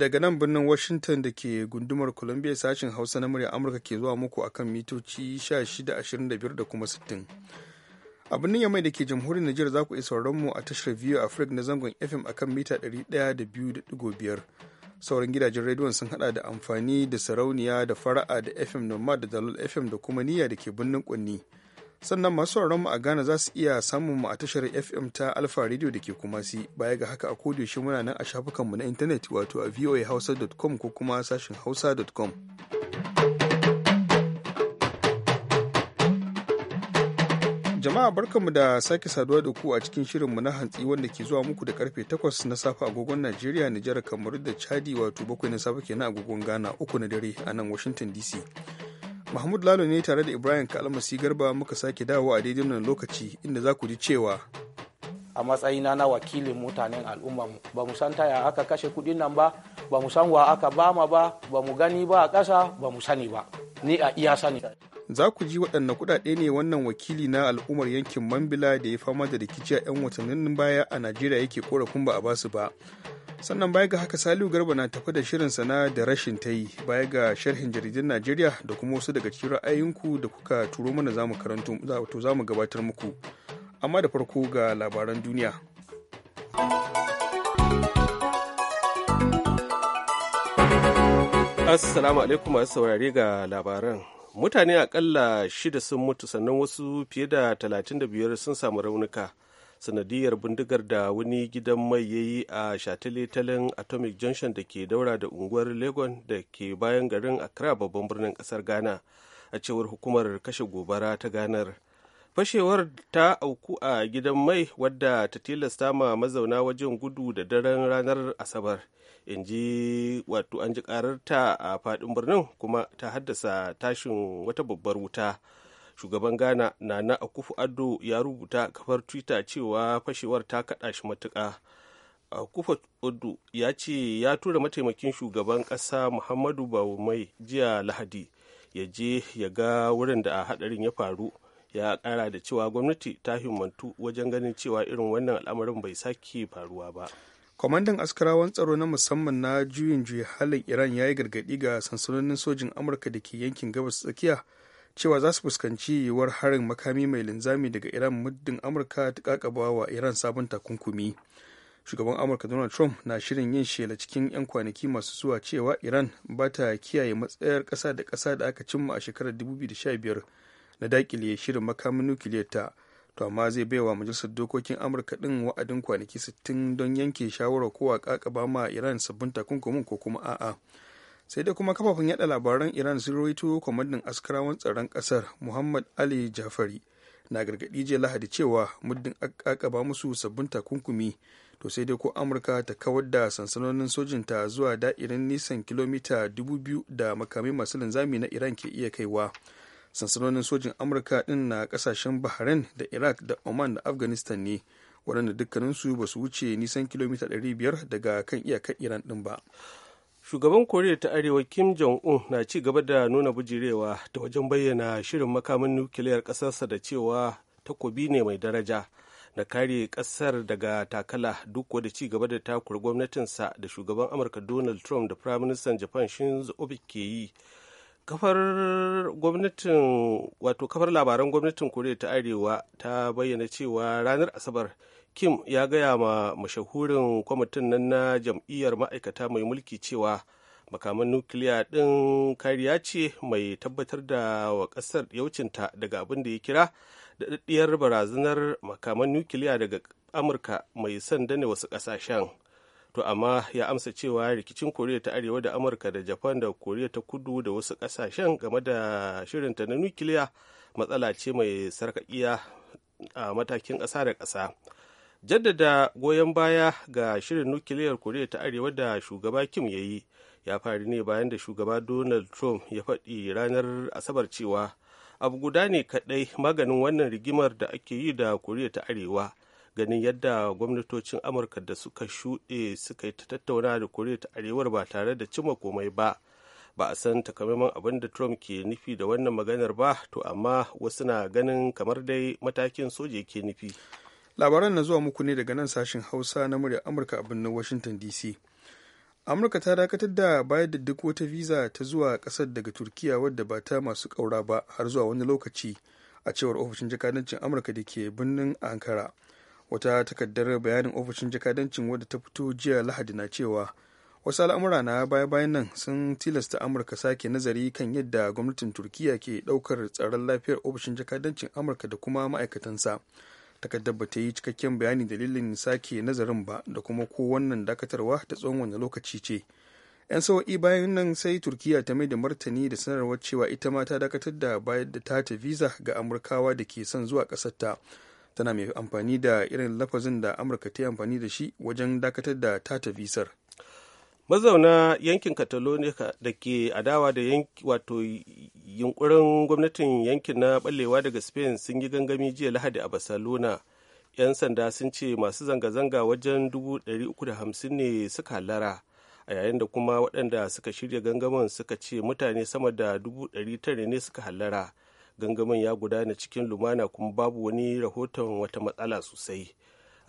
daga nan birnin Washington da ke gundumar Columbia sashen Hausa na murya Amurka ke zuwa muku akan mitoci 1625 da kuma 60. A birnin Yamai da ke jamhuriyar Nijar za ku iya mu a tashar View Africa na zangon FM akan mita 102.5. Sauran gidajen rediyon sun hada da amfani da sarauniya da fara'a da FM Nomad da Dalol FM da kuma niyya da ke birnin Kunni. sannan masu mu a Ghana za su iya samun mu a tashar FM ta Alpha Radio da ke kuma si baya ga haka a shi muna nan a shafukan mu na intanet wato a voahausa.com ko kuma sashin hausa.com. Jama'a barkanmu da sake saduwa da ku a cikin shirin mu na hantsi wanda ke zuwa muku da karfe 8 na safe agogon Najeriya, Nijar, Kamaru da Chadi wato bakwai na safe kenan agogon Ghana uku na dare a nan Washington DC. Mahmud Lalo ne tare da Ibrahim Kalmasi Garba muka sake dawo a daidai wannan lokaci inda za ku ji cewa a matsayina na wakilin mutanen al'umma ba mu san taya aka kashe kudin nan ba ba mu san wa aka bama ba ba mu gani ba a ƙasa ba mu sani ba ni a iya sani za ku ji waɗanne kuɗaɗe ne wannan wakili na al'ummar yankin mambila da ya fama da rikici a 'yan watannin baya a najeriya yake korafin ba a basu ba sannan baya ga haka saliu garba na tafi da shirin sana da rashin ta yi baya ga sharhin jaridun najeriya da kuma wasu daga cikin ra'ayinku da kuka turo mana zamu karanto to zamu gabatar muku amma da farko ga labaran duniya assalamu alaikum masu saurare ga labaran mutane akalla shida sun mutu sannan wasu fiye da 35 sun samu raunuka sanadiyar bindigar da wani gidan mai ya yi a shataletalen atomic junction da ke daura da unguwar legon da ke bayan garin accra babban birnin kasar ghana a cewar hukumar kashe gobara ta ganar fashewar ta auku a gidan mai wadda ta tilasta ma mazauna wajen gudu da daren ranar asabar in ji wato an ji karar a faɗin birnin kuma ta haddasa tashin wata babbar wuta shugaban ghana nana akufu ado ya rubuta kafar twitter cewa fashewar ta kaɗa shi matuka akufu addo ya ce ya tura mataimakin shugaban kasa muhammadu bawumai jiya lahadi ya je ya ga wurin da a haɗarin ya faru ya kara da cewa gwamnati ta himmantu wajen ganin cewa irin wannan al'amarin bai sake faruwa ba kwamandan askarawan tsaro na musamman na juyin juya halin iran ya yi gargadi ga sansanonin sojin amurka da ke yankin gabas tsakiya cewa za su fuskanci yiwuwar harin makami mai linzami daga iran muddin amurka ta kakaba wa iran sabon takunkumi shugaban amurka donald trump na shirin yin shela cikin 'yan kwanaki masu zuwa cewa iran ba ta kiyaye matsayar ƙasa da kasa da aka cimma a shekarar 2015 na dakile shirin makamin nukiliyar ta to amma zai bai wa majalisar dokokin amurka din wa'adin kwanaki 60 don yanke shawarar kowa kakaba ma iran sabbin takunkumin ko kuma a'a sai dai kuma kafafen yada labaran iran sun rawaito kwamandan askarawan tsaron kasar muhammad ali jafari na gargadi jiya lahadi cewa muddin akaba musu sabbin takunkumi to sai dai ko amurka ta kawar da sansanonin sojinta zuwa da'irin nisan kilomita 2000 da makamai masu linzami na iran ke iya kaiwa sansanonin sojin amurka din na kasashen bahrain da iraq da oman da afghanistan ne waɗanda dukkaninsu ba su wuce nisan kilomita 500 daga kan iyakar iran din ba shugaban koriya ta arewa kim jong-un na ci gaba da nuna bujirewa ta wajen bayyana shirin makamin nukiliyar ƙasarsa da cewa takobi ne mai daraja na kare ƙasar daga takala duk wadda ci gaba da takur gwamnatinsa da shugaban amurka donald trump da prime minister japan shinzo abe ke yi kafar wato kafar labaran gwamnatin koriya ta arewa ta bayyana cewa ranar asabar kim ya gaya ma mashahurin kwamitin nan na jam'iyyar ma'aikata mai mulki cewa makaman nukiliya ɗin kariya ce mai tabbatar da wa ƙasar yaucinta daga abin da ya kira daɗaɗɗiyar barazanar makaman nukiliya daga amurka mai son dane wasu ƙasashen to amma ya amsa cewa rikicin koriya ta arewa da amurka da japan da koriya ta kudu da wasu ƙasashen game da shirinta na nukiliya matsala ce mai sarkakiya a matakin ƙasa da ƙasa jaddada goyon baya ga shirin nukiliyar koriya ta arewa da shugaba kim ya yi ya faru ne bayan da shugaba donald trump ya faɗi ranar asabar cewa abu guda ne kaɗai maganin wannan rigimar da ake yi da koriya ta arewa ganin yadda gwamnatocin amurka da suka shuɗe suka yi ta tattauna da koriya ta arewar ba tare da cimma komai ba ba a san takamaiman abin da trump ke nufi da wannan maganar ba to amma wasu na ganin kamar dai matakin soja ke nufi labaran na zuwa muku ne daga nan sashen hausa na murya amurka a birnin washington dc amurka ta dakatar da bayar da duk wata visa ta zuwa kasar daga turkiya wadda ba ta masu kaura ba har zuwa wani lokaci a cewar ofishin jakadancin amurka da ke birnin ankara wata takardar bayanin ofishin jakadancin wadda ta fito jiya lahadi na cewa wasu al'amura na baya-bayan nan sun tilasta amurka sake nazari kan yadda gwamnatin turkiya ke daukar tsaron lafiyar ofishin jakadancin amurka da kuma ma'aikatansa takardar ba ta yi cikakken bayani dalilin sake nazarin ba da kuma ko wannan dakatarwa ta tsawon wani lokaci ce yan sawa'i bayan nan sai turkiya ta mai da martani da sanarwar cewa ita ma ta dakatar da bayar da ta ta visa ga amurkawa da ke son zuwa ƙasar tana mai amfani da irin lafazin da amurka ta yi amfani da shi wajen dakatar da ta ta visar mazauna yankin catalonia da ke adawa da wato yunkurin gwamnatin yankin na ballewa daga spain sun yi gangami jiya lahadi a barcelona 'yan sanda sun ce masu zanga-zanga wajen 350 ne suka halara a yayin da kuma waɗanda suka shirya gangamin suka ce mutane sama da 900 ne suka hallara gangamin ya gudana cikin lumana kuma babu wani rahoton wata matsala sosai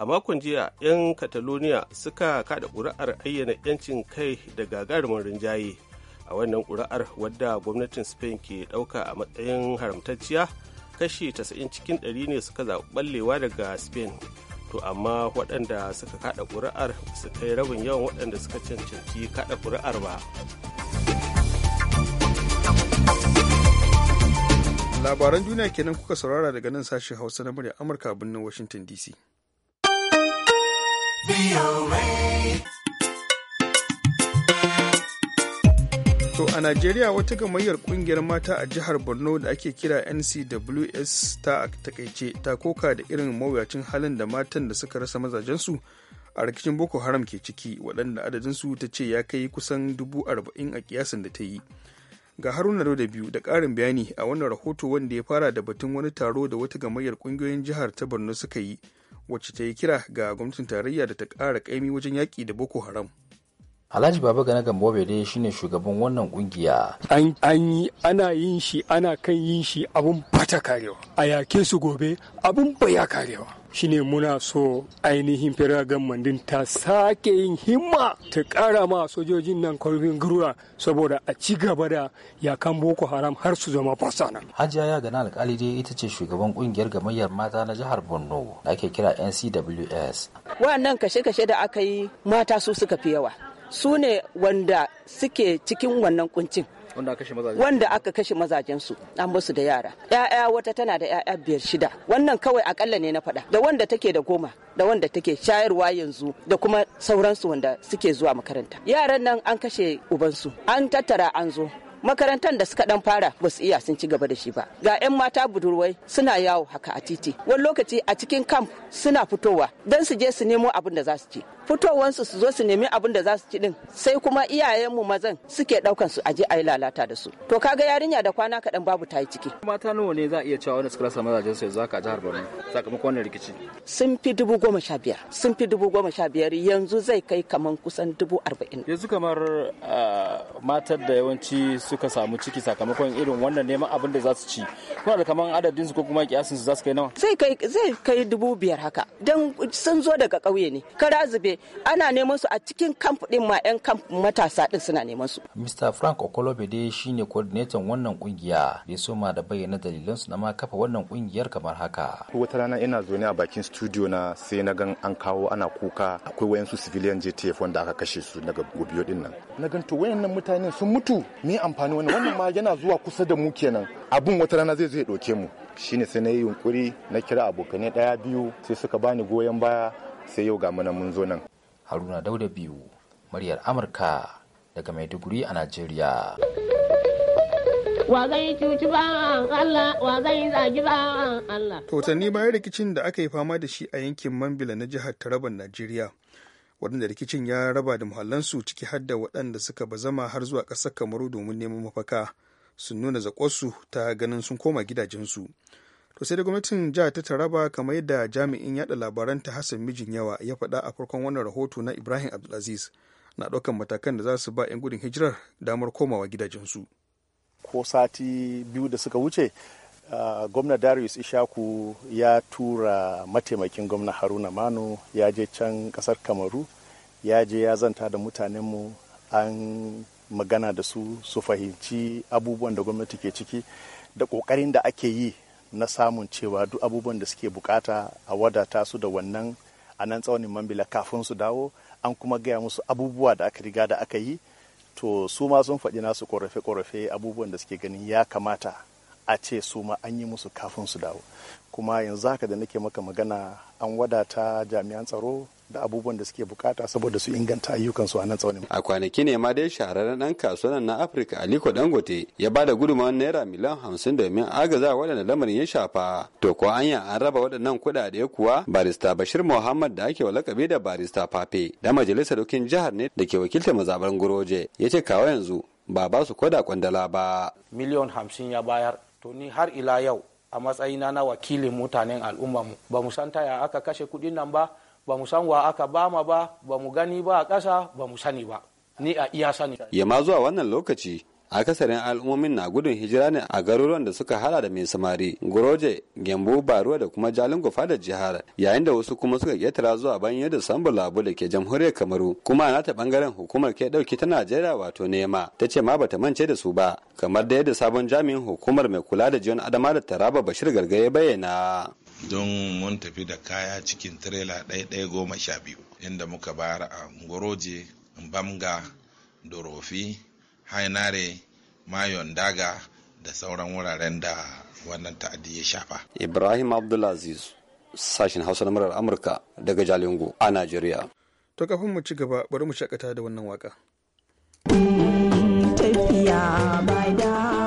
a makon jiya 'yan catalonia suka kada ƙuri'ar ayyana 'yancin kai da gagarumin rinjaye a wannan ƙuri'ar wadda gwamnatin spain ke ɗauka a matsayin haramtacciya kashi 90 cikin 100 ne suka zaɓi ɓallewa daga spain to amma waɗanda suka kada ƙuri'ar su kai rabin yawan waɗanda suka cancanci kada kuri'ar ba labaran duniya kenan kuka saurara daga nan sashen hausa na murya amurka birnin washington dc To a Najeriya wata gamayyar kungiyar mata a jihar Borno da ake kira NCWS ta takaice ta koka da irin mawuyacin halin da matan da suka rasa mazajensu a rikicin Boko Haram ke ciki waɗanda adadinsu ta ce ya kai kusan dubu arba'in a kiyasin da ta yi. Ga Haruna da biyu da ƙarin bayani a wannan rahoto wanda ya fara da batun wani taro da wata gamayyar ƙungiyoyin jihar ta Borno suka yi wacce ta yi kira ga gwamnatin tarayya da ta ƙara ƙaimi wajen yaƙi da boko haram Alhaji Baba Gana Gambobe dai shine shugaban wannan kungiya. An yi ana yin shi ana kan yin shi abun bata karewa. A yake su gobe abun baya karewa. shine muna so ainihin firagan mandin ta sake yin himma ta kara ma sojojin nan kwarfin gurura saboda a ci gaba da yakan boko haram har su zama fasana. hajiya ya gana alkali dai ita ce shugaban kungiyar gamayyar mata na jihar borno da ake kira ncws wannan kashe-kashe da aka yi mata su suka fi yawa su ne wanda suke cikin wannan kuncin wanda aka kashe mazajensu an basu da yara ya'ya wata tana da ya'ya biyar shida wannan kawai akalla ne na faɗa da wanda take da goma da wanda take shayarwa yanzu da kuma sauransu wanda suke zuwa makaranta yaran nan an kashe ubansu an tattara an zo makarantar da suka dan fara ba su iya sun ci gaba da shi ba ga 'yan mata budurwai suna yawo haka a titi wani lokaci a cikin camp suna fitowa don su je su nemo abin da za su ci fitowansu su zo su nemi abin da za su ci din sai kuma iyayenmu mazan suke daukan su aje ayi lalata da su to kaga yarinya da kwana kaɗan babu ta yi ciki mata nawa ne za a iya cewa wani suka rasa mazajen su za ka a jihar Borno sakamakon wannan rikici sun fi dubu goma sha biyar sun fi dubu goma sha biyar yanzu zai kai kaman kusan dubu arba'in yanzu kamar matar da yawanci suka samu ciki sakamakon irin wannan neman abin da za su ci kuna da kaman adadin su ko kuma kiyasin su za su kai nawa zai kai zai kai dubu biyar haka dan sun zo daga ƙauye ne kara zube ana neman su a cikin kamp din ma 'yan kamp matasa din suna neman su. Mr. Frank dai shine coordinator wannan kungiya ya soma da bayyana dalilan su na ma kafa wannan kungiyar kamar haka. Wata rana ina zaune a bakin studio na sai na gan an kawo ana kuka akwai wayan su civilian JTF wanda aka kashe su daga gobiyo din nan. Na gan to wayannan mutanen sun mutu me amfani wannan wannan ma yana zuwa kusa da mu kenan abun wata rana zai zo ya ɗauke mu. shine sai na yi yunkuri na kira abokanai daya biyu sai suka bani goyon baya sai yau ga muna mun zo nan haruna dauda biyu muryar amurka daga maiduguri a najeriya wa zai cuci bawan Allah wa zai zagi bawan Allah. Tautanni bayan rikicin da aka yi fama da shi a yankin Mambila na jihar Taraban Najeriya. Waɗanda rikicin ya raba da muhallansu ciki har da waɗanda suka zama har zuwa ƙasar Kamaru domin neman mafaka sun nuna zaƙosu ta ganin sun koma gidajensu. to sai da gwamnatin jihar ta taraba kamar yadda jami'in yada ta hassan mijin yawa ya faɗa a farkon wannan rahoto na ibrahim abdulaziz na ɗaukan matakan da za su ba 'yan gudun hijirar damar komawa gidajensu ko sati biyu da suka wuce gwamna darius ishaku ya tura mataimakin gwamna haruna mano ya je can kasar kamaru ya je ya zanta da mutanenmu an magana da su su fahimci abubuwan da gwamnati ke ciki da ƙoƙarin da ake yi na samun cewa duk abubuwan da suke bukata a wadata su da wannan a nan tsaunin mambila kafin su dawo an kuma gaya musu abubuwa da aka riga da aka yi to su ma sun faɗi nasu korafe-korafe abubuwan da suke ganin ya kamata a ce su ma an yi musu kafin su dawo kuma yanzu haka da nake maka magana an wadata jami'an tsaro da abubuwan da suke bukata saboda su inganta ayyukan su a nan tsaunin. A kwanaki ne ma dai shahararren dan kasuwar na Afirka Aliko Dangote ya ba da gudunmawar naira miliyan hamsin domin agaza waɗanda lamarin ya shafa. To ko anya an raba waɗannan kuɗaɗe kuwa barista Bashir Muhammad da ake walakabe da barista Fafe da majalisar dokin jihar ne da ke wakiltar mazaɓar Guroje ya ce kawo yanzu ba ba su koda kwandala ba. Miliyon hamsin ya bayar to ni har ila yau a matsayina na wakilin mutanen mu ba mu san ya aka kashe kuɗin nan ba ba mu san wa aka bama ba ba mu gani ba a ƙasa ba mu sani ba ni a iya sani yamma zuwa wannan lokaci akasarin al'ummomin na gudun hijira ne a garuruwan da suka hada da mai samari goroje gembu baruwa da kuma jalin jalingo da jihar yayin da wasu kuma suka ƙetara zuwa banyo da sambu labu da ke jamhuriyar kamaru kuma a nata bangaren hukumar ke dauki ta najeriya wato nema ta ce ma bata mance da su ba kamar da yadda sabon jami'in hukumar mai kula da jiyon adama da taraba bashir ya bayyana don mun tafi da kaya cikin tirela ɗaya goma sha biyu inda muka bayar a ngoroje bamga dorofi hainare mayon daga da sauran wuraren da wannan ta'addi ya shafa ibrahim abdulaziz sashen hausa na murar amurka daga jalingo a najeriya to kafin mu ci gaba bari mu shakata da wannan waka tafiya ba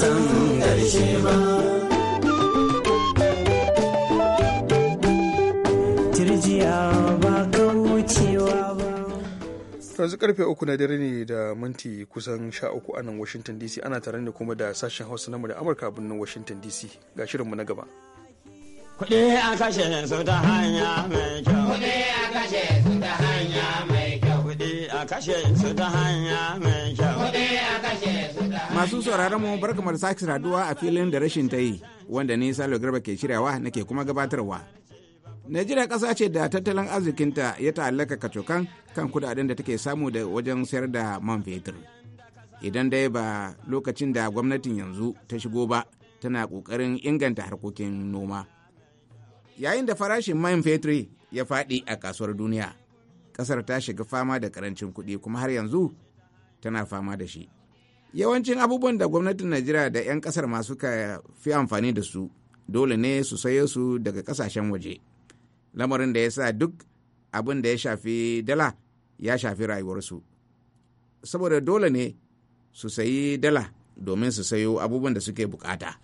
san karshe ba ba ba yanzu karfe uku na dare ne da minti kusan sha uku a nan washington dc ana tare da kuma da sashen hausa na da amurka a birnin washington dc ga shirinmu na gaba kudi a kashe su ta hanya mai kyau kuɗi a kashe su ta hanya kashe su ta hanya mai kyau. Masu sauraron mu barkamar sake saduwa a filin da rashin ta yi wanda ni Salo Garba ke shiryawa nake kuma gabatarwa. Najeriya ƙasa ce da tattalin arzikinta ya ta'allaka kacokan kan kudaden da take samu da wajen sayar da man fetur. Idan dai ba lokacin da gwamnatin yanzu ta shigo ba tana ƙoƙarin inganta harkokin noma. Yayin da farashin man fetur ya faɗi a kasuwar duniya. ƙasar ta shiga fama da karancin kuɗi kuma har yanzu tana fama da shi yawancin abubuwan da gwamnatin najeriya da 'yan ƙasar masu suka fi amfani da su dole ne su sayo su daga ƙasashen waje lamarin da ya sa duk abin da ya shafi dala ya shafi rayuwarsu saboda dole ne su sayi dala domin su sayo abubuwan da suke bukata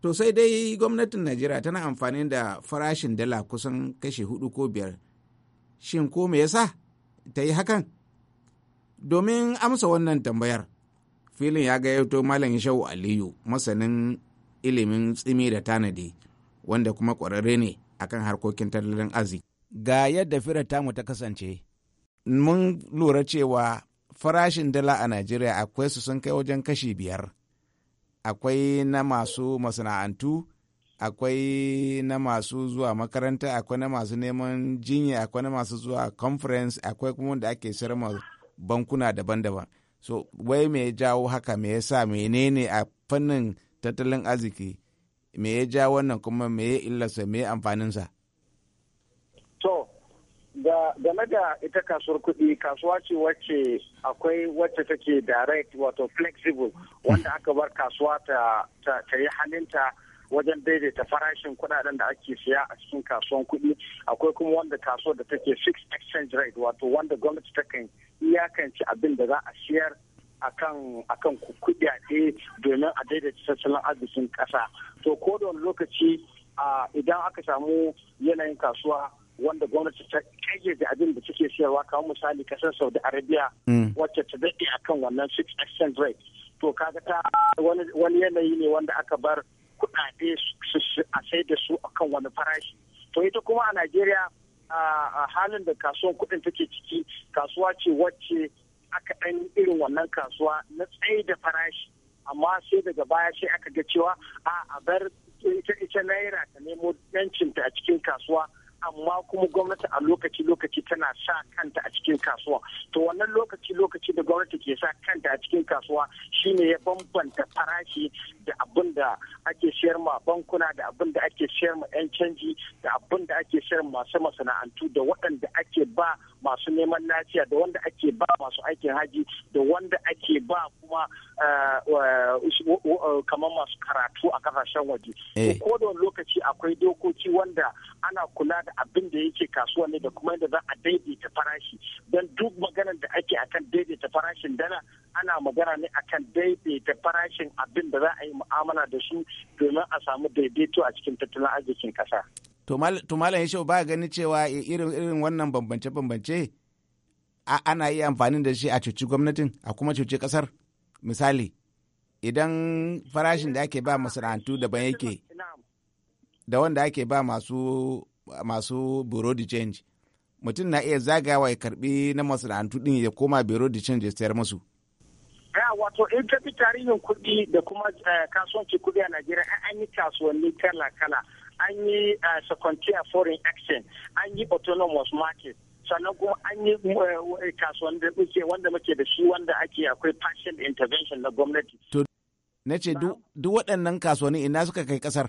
to sai dai gwamnatin najeriya tana amfani da farashin dala kusan kashi hudu ko biyar shin ko me yasa ta yi hakan domin amsa wannan tambayar filin ya gayyato malam shau aliyu masanin ilimin tsimi da tanadi wanda kuma ƙwararre ne akan harkokin tattalin arziki ga yadda firar tamu ta kasance mun lura cewa farashin dala a najeriya akwai su sun kai wajen kashi biyar akwai na masu masana'antu akwai na masu zuwa makaranta akwai na masu neman jinya akwai na masu zuwa conference akwai kuma da ake sirma bankuna daban-daban so wai me ya jawo haka me ya sa menene a fannin tattalin arziki me ya ja wannan kuma me ya illarsa me ya amfaninsa to da game da ita kasuwar kuɗi kasuwa ce wacce akwai wacce take direct wato flexible wanda aka bar kasuwa ta, ta, ta yi halinta wajen daidaita farashin kuɗaɗen da ake siya a cikin kasuwan kuɗi akwai kuma wanda kasuwar da take fixed exchange rate wato wanda gwamnati ta kan iyakance abin da za a siyar akan akan ɗaya domin a daidaita tattalin arzikin ƙasa to ko da wani lokaci idan aka samu yanayin kasuwa wanda gwamnati ta kayyade abin da take siyarwa kamar misali kasar saudi arabia mm. wacce ta daɗe akan wannan fixed exchange rate to kaga ta wani yanayi ne wanda aka bar kuɗaɗe a sai da su akan wani farashi to ita kuma a najeriya a halin da kasuwan kuɗin take ciki kasuwa ce wacce aka ɗan irin wannan kasuwa na tsaye da farashi amma sai daga baya sai aka ga cewa a a bar ita ita naira ta nemo yancinta a cikin kasuwa amma kuma gwamnati a lokaci-lokaci tana sa kanta a cikin kasuwa to wannan lokaci-lokaci da gwamnati ke sa kanta a cikin kasuwa shine ya bambanta farashi da abin da ake siyar ma bankuna da abin da ake siyar ma 'yan canji da abin da ake siyar masu masana'antu da waɗanda ake ba masu neman lafiya da wanda ake ba masu aikin haji da wanda ake ba kuma Eh, eh, eh, kamar masu karatu a kasashen waje ko da lokaci akwai dokoki wanda ana kula da abin da yake kasuwa ne da kuma yadda za a daidaita farashi don duk maganar da ake akan daidaita farashin dana ana magana ne akan daidaita farashin abin da za a yi mu'amala da su domin a samu daidaito a cikin tattalin arzikin kasa. To Malam Yashau ba gani cewa irin irin wannan bambance-bambance ana iya amfani da shi a cuci gwamnatin a kuma cuci kasar? misali idan farashin da ake ba masana'antu daban yake da wanda ake ba masu masu bureau de change mutum na iya zagawa ya karbi na masana'antu din ya koma bureau de change ya sayar musu wato in tafi tarihin kuɗi da kuma eh, kasuwanci kuɗi a najeriya an yi kasuwanni kala kala an yi eh, secondaire foreign exchange an yi autonomous market sannan kuma an yi eh, eh, kasuwan da muke wanda muke da shi wanda ake akwai partial intervention na gwamnati. To, na ce duk waɗannan kasuwanni ina suka kai ƙasar?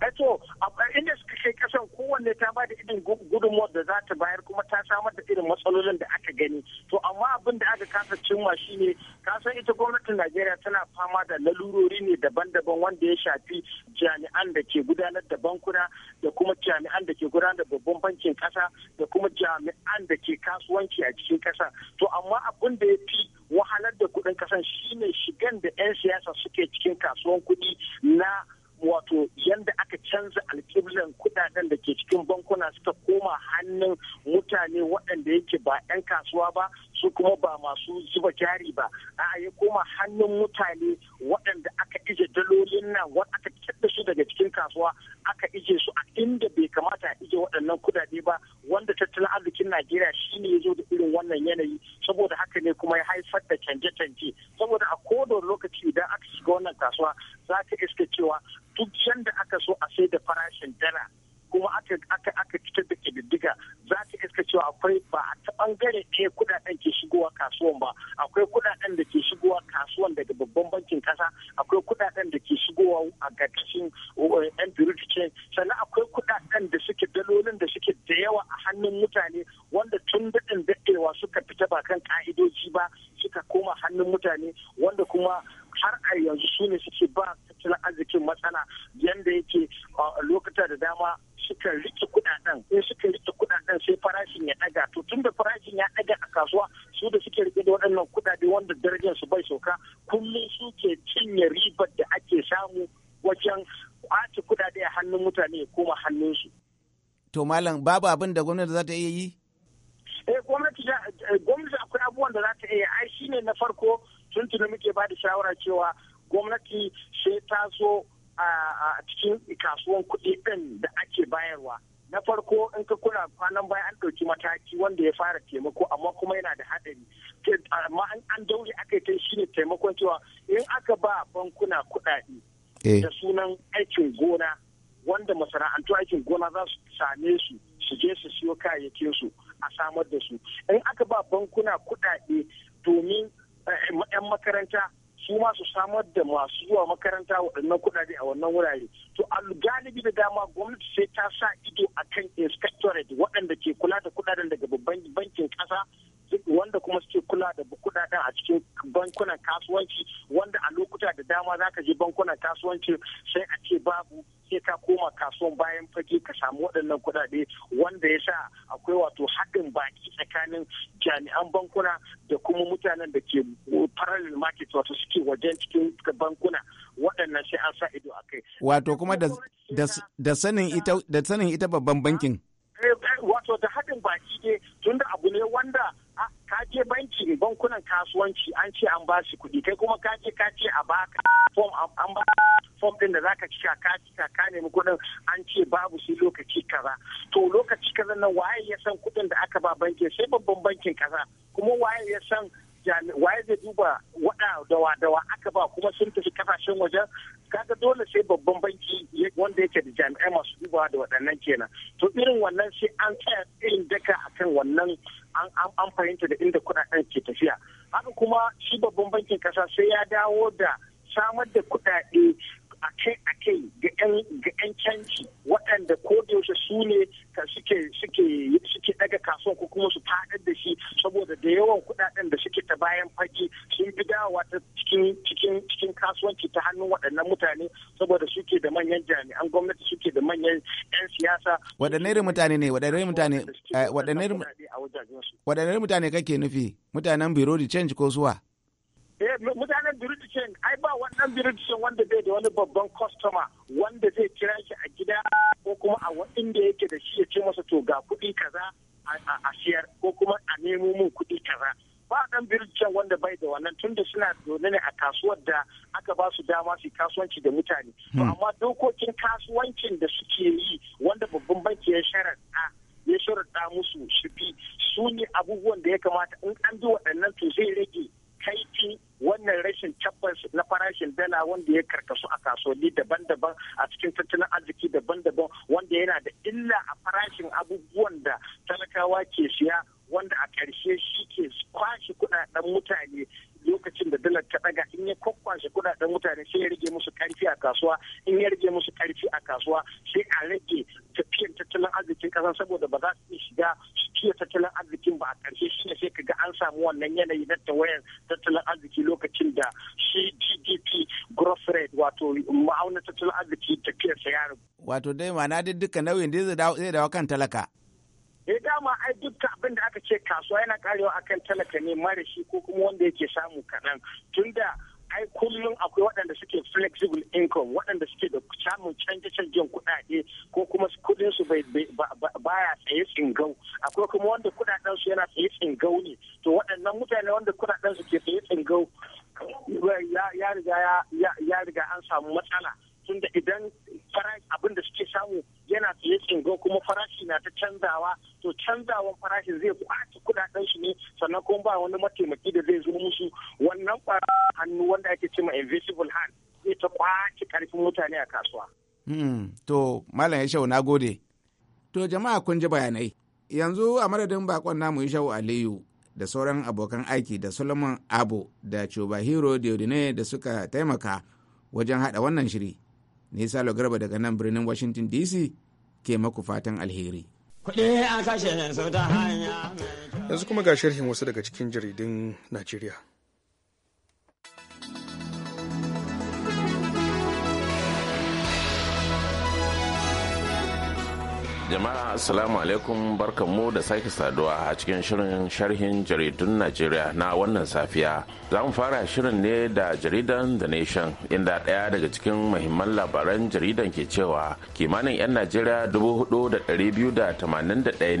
Eto, eh, inda kasashe kasan kowanne ta ba da irin gudunmuwar da za ta bayar kuma ta samar da irin matsalolin da aka gani to amma abin da aka kasa cimma shine kasan ita gwamnatin najeriya tana fama da lalurori ne daban-daban wanda ya shafi jami'an da ke gudanar da bankuna da kuma jami'an da ke gudanar da babban bankin kasa da kuma jami'an da ke kasuwanci a cikin kasa to amma abin da ya fi wahalar da kuɗin kasan shine shigan da 'yan siyasa suke cikin kasuwan kudi na wato canza alƙiblan kudaden da ke cikin bankuna suka koma hannun mutane waɗanda yake ba 'yan kasuwa ba su kuma ba masu zuba jari ba a ya koma hannun mutane waɗanda aka ije dalolin nan aka da su daga cikin kasuwa aka ije su a inda bai kamata a ije waɗannan kudade ba wanda tattalin arzikin najeriya shine ya zo da irin wannan yanayi saboda haka ne kuma ya haifar da canje-canje saboda a kodon lokaci idan aka shiga wannan kasuwa za ka iska cewa aka so a sai da farashin dala kuma aka aka aka fitar da kididdiga za ta iska cewa akwai ba a ta bangare ɗaya kudaden ke shigowa kasuwan ba akwai kudaden da ke shigowa kasuwan daga babban bankin kasa akwai kudaden da ke shigowa a ƙarƙashin yan biriti ce sannan akwai kudaden da suke dalolin da suke da yawa a hannun mutane wanda tun daɗin daɗewa suka fita ba kan ka'idoji ba suka koma hannun mutane wanda kuma har a yanzu su ne suke ba tattalin arzikin matsala wanda yake lokuta da dama suka rike kudaden in suka rike kudaden sai farashin ya daga to tun da farashin ya daga a kasuwa su da suke rike da waɗannan kudade wanda darajar su bai sauka kullum su ke cinye ribar da ake samu wajen kwace kudade a hannun mutane ya koma hannunsu. To malam babu abin da gwamnati za ta iya yi? Eh gwamnati eh, akwai abubuwan da za ta iya ai shine na farko tun tuni muke ba da shawara cewa gwamnati sai ta zo. a cikin kasuwan kuɗi ɗin da ake bayarwa na farko in ka kula kwanan baya an ɗauki mataki wanda ya fara taimako amma kuma yana da haɗari amma an daure aka kai shi ne taimakon cewa in aka ba bankuna kuɗaɗe eh. da sunan aikin gona wanda masana'antu aikin gona za su same su su je su siyo kayayyakin su a samar da su in aka ba bankuna kuɗaɗe domin eh, 'yan makaranta su ma su samar da masu zuwa makaranta waɗannan kuɗaɗe a wannan wurare to a galibi da dama gwamnati sai ta sa ido akan inspectorate waɗanda ke kula da kuɗaɗen daga babban bankin ƙasa wanda kuma suke kula da kudaden a cikin bankunan kasuwanci wanda a lokuta da dama za ka je bankunan kasuwanci sai a ce babu sai ka koma kasuwan bayan fage ka samu waɗannan kudade wanda ya sa akwai wato haɗin baki tsakanin jami'an bankuna da kuma mutanen da ke parallel market wato suke wajen cikin bankuna waɗannan sai an sa ido a kai. Wato kuma da sanin ita babban bankin. ne bankunan kasuwanci an ce an ba shi kuɗi kai kuma ka je a baka form an ba form din da zaka cika ka cika ka nemi kuɗin an ce babu shi lokaci kaza to lokaci kaza nan waye ya san kuɗin da aka ba bankin sai babban bankin kaza kuma waye ya san waye zai duba waɗa dawa dawa aka ba kuma sun tafi kasashen wajen kaga dole sai babban banki wanda yake da jami'ai masu dubawa da waɗannan kenan to irin wannan sai an tsaya irin daka akan wannan an fahimta da inda kudaden ke tafiya haka kuma shi babban bankin kasa sai ya dawo da samar da kudade a kai ga 'yan canci waɗanda ko da yaushe su ne suke daga kasuwan ko kuma su faɗar da shi saboda da yawan kuɗaɗen da suke ta bayan fage sun fi dawowa ta cikin kasuwanci ta hannun waɗannan mutane saboda suke da manyan jami'an gwamnati suke da manyan 'yan siyasa waɗanne irin mutane ne waɗanne mutane eh, waɗanne gidajensu. Waɗanne mutane kake nufi? Mutanen Biro di Change ko suwa? Eh, mutanen Biro di Change, ai ba wannan Biro di Change wanda bai da wani babban kwastoma wanda zai kira shi a gida ko kuma a inda yake da shi ya ce masa to ga kuɗi kaza a siyar ko kuma a nemo mun kuɗi kaza. ba dan birnin wanda bai da wannan tunda suna zaune ne a kasuwar da aka ba su dama su kasuwanci da mutane to hmm. amma dokokin kasuwancin da suke yi wanda babban banki ya sharar. shirta musu su bi su ne abubuwan da ya kamata in an bi waɗannan to zai rage kaifi wannan rashin tabbas na farashin dala wanda ya karkasu a kasuwanni daban-daban a cikin tattalin arziki daban-daban wanda yana da illa a farashin abubuwan da talakawa ke siya wanda a ƙarshe shi ke kwashe kuɗaɗen mutane lokacin da dalar ta ɗaga in ya kwakwashe kuɗaɗen mutane sai ya rage musu ƙarfi a kasuwa in ya rage musu ƙarfi a kasuwa sai a rage tattalin arzikin kasa saboda ba za su iya shiga shi tattalin arzikin ba a ƙarshe shi ne sai ka ga an samu wannan yanayi na tawayan tattalin arziki lokacin da shi GDP growth rate wato ma'aunin tattalin arziki tafiyarsa ya rabu. Wato dai ma'ana duka nauyin da zai dawo kan talaka. ya eh, dama ai duk abin da aka ce kasuwa yana karewa akan talaka ne mara shi ko kuma wanda yake samu kaɗan tunda ai kullum akwai waɗanda suke flexible income waɗanda suke da samun canje-canjen kuɗaɗe ko kuma kuɗinsu su bai baya tsaye tsingau akwai kuma wanda kuɗaɗen su yana tsaye tsingau ne to waɗannan mutane wanda kuɗaɗen su ke tsaye tsingau ya riga ya riga an samu matsala tunda idan abin da suke samu yana tsaye tsingo kuma farashi na ta canzawa to canzawan farashi zai kwace kudaden shi ne sannan kuma ba wani mataimaki da zai zo musu wannan hannu wanda ake cewa invisible hand zai ta kwace karfin mutane a kasuwa. Hmm, to malam ya na gode. To jama'a kun ji bayanai. Yanzu a madadin bakon namu shau Aliyu da sauran abokan aiki da Solomon Abo da hero deodine da suka taimaka wajen hada wannan shiri. Nisa Garba daga nan birnin Washington DC ke maku fatan alheri. Yanzu kuma ga sharhin wasu daga cikin jaridun Najeriya. jama'a assalamu alaikum barkanmu da sake saduwa a cikin shirin sharhin jaridun najeriya na wannan safiya za mu fara shirin ne da jaridan the nation inda ɗaya daga cikin muhimman labaran jaridan ke cewa kimanin 'yan najeriya 4,281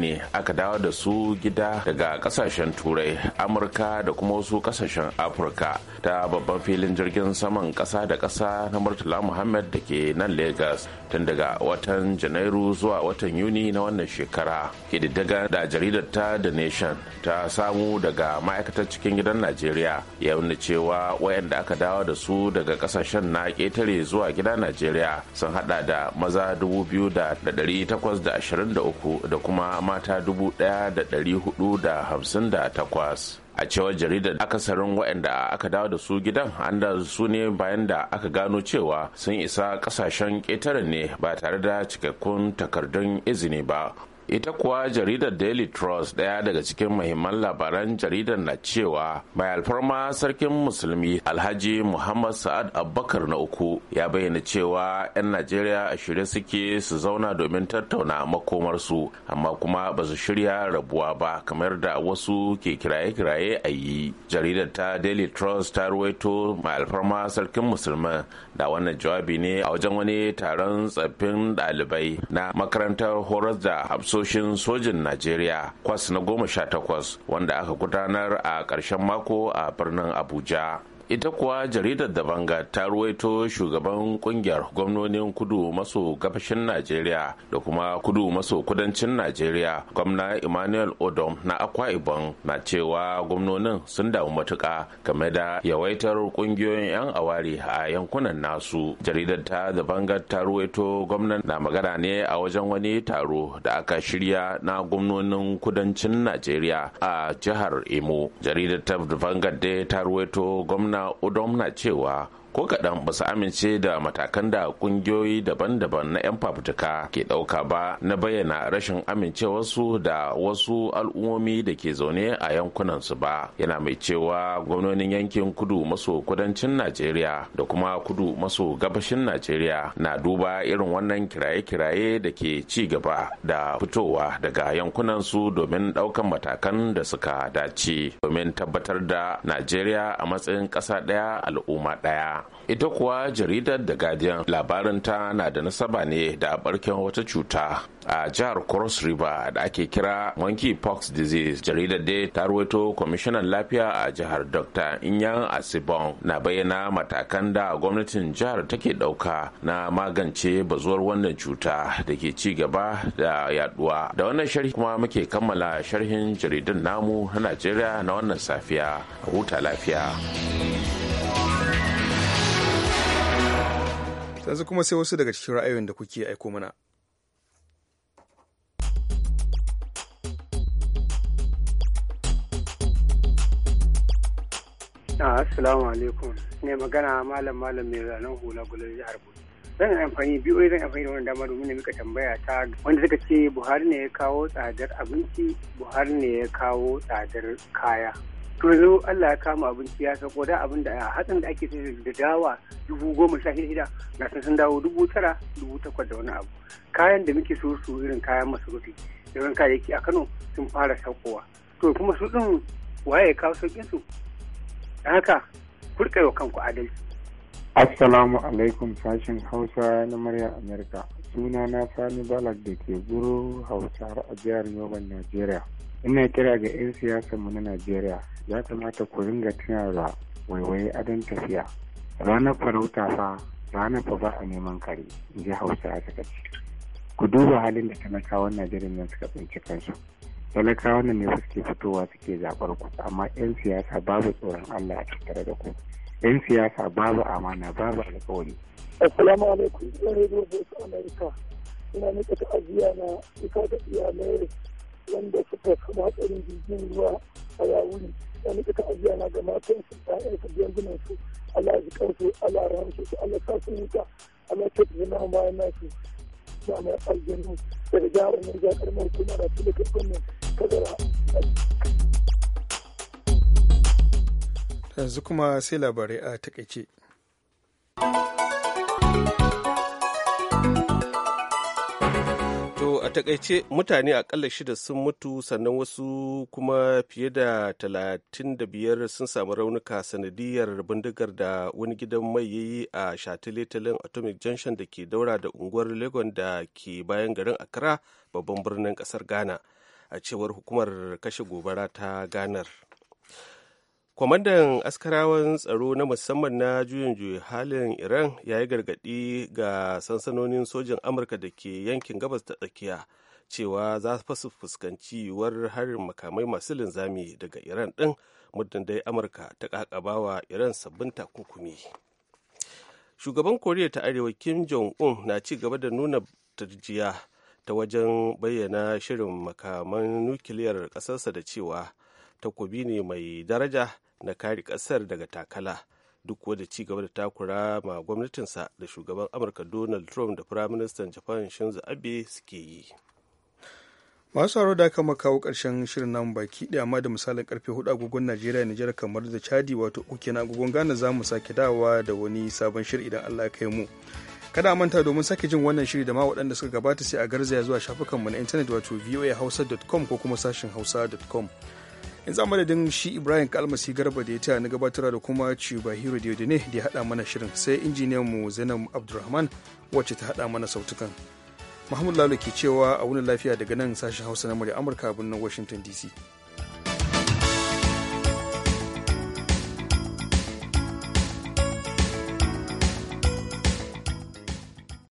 ne aka dawo da su gida daga kasashen turai amurka da kuma wasu kasashen afirka ta babban filin jirgin saman ƙasa da ƙasa na murtala muhammad da ke nan lagos tun daga watan janairu zuwa watan watan yuni na wannan shekara ƙididdiga da jaridar ta the nation ta samu daga ma'aikatar cikin gidan najeriya ya nuna cewa wayanda aka dawo da su daga kasashen na ketare zuwa gida najeriya sun hada da maza 2,823 da kuma mata 1,458 a cewar jaridar akasarin waɗanda aka dawo da su gidan an da su ne bayan da aka gano cewa sun isa kasashen ƙetare ne ba tare da cikakkun takardun izini ba ita kuwa jaridar daily trust daya daga cikin muhimman labaran jaridar na cewa mai alfarma sarkin musulmi alhaji muhammad sa'ad abubakar na uku ya bayyana cewa 'yan najeriya a shirye suke su zauna domin tattauna makomarsu amma kuma ba su shirya rabuwa ba kamar da wasu ke kiraye-kiraye a yi jaridar ta daily trust ta ruwaito mai alfarma sarkin musulman da wannan jawabi ne a wajen wani taron tsaffin ɗalibai na makarantar horas da hapsu hafsoshin sojin najeriya kwas na goma sha takwas wanda aka gudanar a ƙarshen mako a birnin abuja ita kuwa jaridar da banga ta ruwaito shugaban kungiyar gwamnonin kudu maso gabashin najeriya da kuma kudu maso kudancin najeriya gwamna emmanuel odom na akwa ibon na cewa gwamnonin sun damu matuka game da yawaitar kungiyoyin 'yan awari a yankunan nasu jaridar ta da banga ta ruwaito gwamnan na magana ne a wajen wani taro da aka shirya na gwamnonin kudancin najeriya a jihar imo jaridar ta da banga ta ruwaito gwamnan na odom na cewa ko kaɗan ba su amince da matakan da ƙungiyoyi daban-daban na 'yan fafutuka ke ɗauka ba na bayyana rashin amincewarsu da wasu al'ummomi da ke zaune a yankunansu ba yana mai cewa gwamnonin yankin kudu maso kudancin najeriya da kuma kudu maso gabashin najeriya na duba irin wannan kiraye-kiraye da ke ci gaba da fitowa daga yankunansu domin ɗaukan matakan da suka dace domin tabbatar da najeriya a matsayin ƙasa ɗaya al'umma ɗaya ita kuwa jaridar da guardian labarin na da nasaba ne da barken wata cuta a jihar cross river da ake kira monkey pox disease jaridar da ta ruwaito kwamishinan lafiya a jihar dr inyan asibon na bayyana matakan da gwamnatin jihar take dauka na magance bazuwar wannan cuta da ke ci gaba da yaduwa da wannan sharhi kuma muke kammala sharhin jaridan namu na najeriya na wannan safiya a huta lafiya. yanzu kuma sai wasu daga cikin ra'ayoyin da kuke aiko mana ah, Assalamu alaikum ne magana malam malam mai zanen hula gular jihar Bauchi. Zan yi amfani biyu zan amfani da wannan damar domin na tambaya ta wanda suka ce Buhari ne ya kawo tsadar abinci Buhari ne ya kawo tsadar kaya. to yanzu Allah ya kama abin siyasa ko da abin da hatsin da ake da dawa dubu goma sha shida na san sun dawo dubu tara dubu takwas da wani abu kayan da muke so su irin kayan masarufi irin kayayyaki a Kano sun fara saukowa to kuma su din waye ya kawo sauƙin su haka kurkaiwa kanku adalci Assalamu alaikum sashen Hausa na murya Amerika. Suna na Sani Balak da ke guru Hausar a jihar Yoban, Najeriya. ina kira ga 'yan siyasa mu na najeriya ya kamata ku ringa tuna da waiwaye adon tafiya ranar farauta fa ranar fa ba a neman kare in ji hausa a takaice ku duba halin da talakawan najeriya nan suka tsinci kansu talakawan nan ne suke fitowa suke zaɓar ku amma 'yan siyasa babu tsoron allah a tattare da ku 'yan siyasa babu amana babu alkawari assalamu alaikum zan rediyo voice amurka ina nika ajiya na ika da iyalai wanda suka kama tsarin jirgin ruwa a yawuri wani duka ajiya na ga matan su yi su biyan binan su Allah ji kansu Allah rahamsu su Allah sa su wuta Allah ta fi zama ma yana su na mai aljanu daga jihar nan jihar karmar kuma da tulaka gwamnan kadara. Yanzu kuma sai labarai a takaice. takaice mutane akalla shida sun mutu sannan wasu kuma fiye da talatin da biyar sun samu raunuka sanadiyar bindigar da wani gidan mai yayi a shataletalen atomic junction da ke daura da unguwar legon da ke bayan garin accra babban birnin kasar ghana a cewar hukumar kashe gobara ta ganar kwamandan askarawan tsaro na musamman na juyin juyin halin iran ya yi gargadi ga sansanonin sojin amurka da ke yankin gabas ta tsakiya cewa za su fuskanci yiwuwar harin makamai masu linzami daga iran ɗin muddin dai amurka ta ƙaƙabawa iran sabbin takunkumi shugaban koriya ta arewa kim jong-un na ci gaba da nuna turjiya ta wajen bayyana shirin makaman nukiliyar ƙasarsa da cewa takobi ne mai daraja na kare kasar daga takala duk wadda ci gaba da takura ma gwamnatinsa da shugaban amurka donald trump da firaministan japan shinzo abe suke yi masu haro da aka makawo karshen shirin namu baki daya amma da misalin karfe hudu agogon najeriya nijar kamar da chadi wato uku na agogon ghana za mu sake dawa da wani sabon shiri idan allah ya kai mu kada a manta domin sake jin wannan shiri da ma waɗanda suka gabata sai a garzaya zuwa shafukanmu na intanet wato voahausa.com ko kuma sashin hausa.com yanzu a madadin shi ibrahim kalmasi garba da ya taya na gabatarwa da kuma cibahiro da ne da ya haɗa mana shirin sai injiniyan mu zainab abdulrahman wacce ta haɗa mana sautukan muhammadu lalo ke cewa a wani lafiya daga nan sashen hausa na murya amurka birnin washington dc